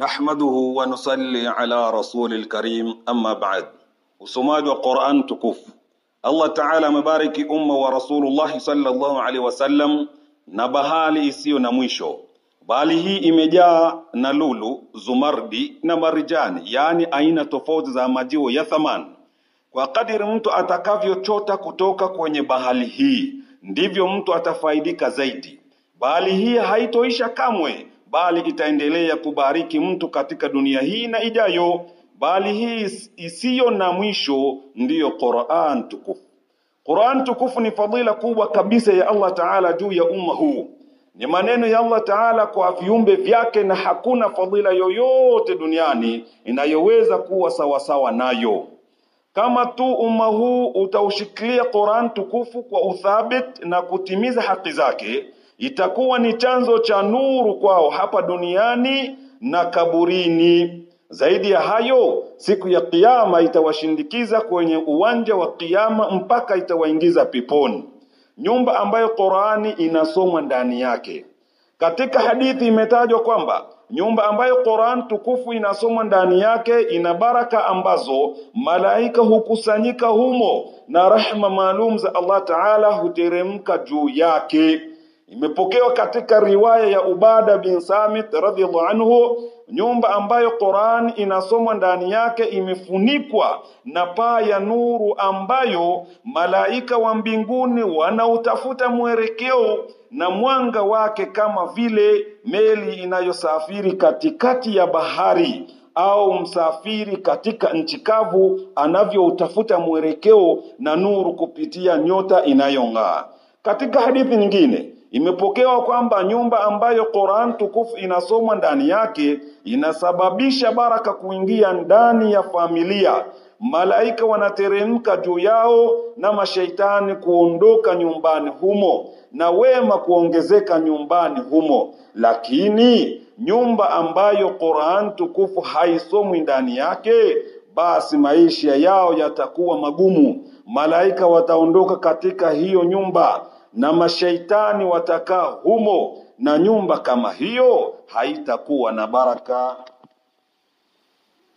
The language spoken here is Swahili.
نحمده ونصلي على ala الكريم karim بعد ba'd. Usomaji wa الله tukufu. Allah Ta'ala amebariki umma wa الله عليه وسلم wasallam na bahari isiyo na mwisho. Bahari hii imejaa na lulu, zumardi na marijani, yaani aina tofauti za majiwe ya thamani. Kwa kadiri mtu atakavyochota kutoka kwenye bahali hii, ndivyo mtu atafaidika zaidi. bahali hii haitoisha kamwe bali itaendelea kubariki mtu katika dunia hii na ijayo, bali hii isiyo na mwisho ndiyo Qur'an tukufu. Qur'an tukufu ni fadhila kubwa kabisa ya Allah Ta'ala juu ya umma huu, ni maneno ya Allah Ta'ala kwa viumbe vyake, na hakuna fadhila yoyote duniani inayoweza kuwa sawasawa nayo kama tu umma huu utaushikilia Qur'an tukufu kwa uthabit na kutimiza haki zake itakuwa ni chanzo cha nuru kwao hapa duniani na kaburini. Zaidi ya hayo, siku ya Kiyama itawashindikiza kwenye uwanja wa Kiyama mpaka itawaingiza peponi, nyumba ambayo Qurani inasomwa ndani yake. Katika hadithi imetajwa kwamba nyumba ambayo Qur'an tukufu inasomwa ndani yake ina baraka ambazo malaika hukusanyika humo na rahma maalum za Allah Ta'ala huteremka juu yake. Imepokewa katika riwaya ya Ubada bin Samit radhiallahu anhu, nyumba ambayo Qur'an inasomwa ndani yake imefunikwa na paa ya nuru ambayo malaika wa mbinguni wanautafuta mwelekeo na mwanga wake kama vile meli inayosafiri katikati ya bahari au msafiri katika nchi kavu anavyoutafuta mwelekeo na nuru kupitia nyota inayong'aa. Katika hadithi nyingine imepokewa kwamba nyumba ambayo Qur'an tukufu inasomwa ndani yake inasababisha baraka kuingia ndani ya familia, malaika wanateremka juu yao na mashaitani kuondoka nyumbani humo na wema kuongezeka nyumbani humo. Lakini nyumba ambayo Qur'an tukufu haisomwi ndani yake, basi maisha yao yatakuwa magumu. Malaika wataondoka katika hiyo nyumba na mashaitani watakaa humo, na nyumba kama hiyo haitakuwa na baraka.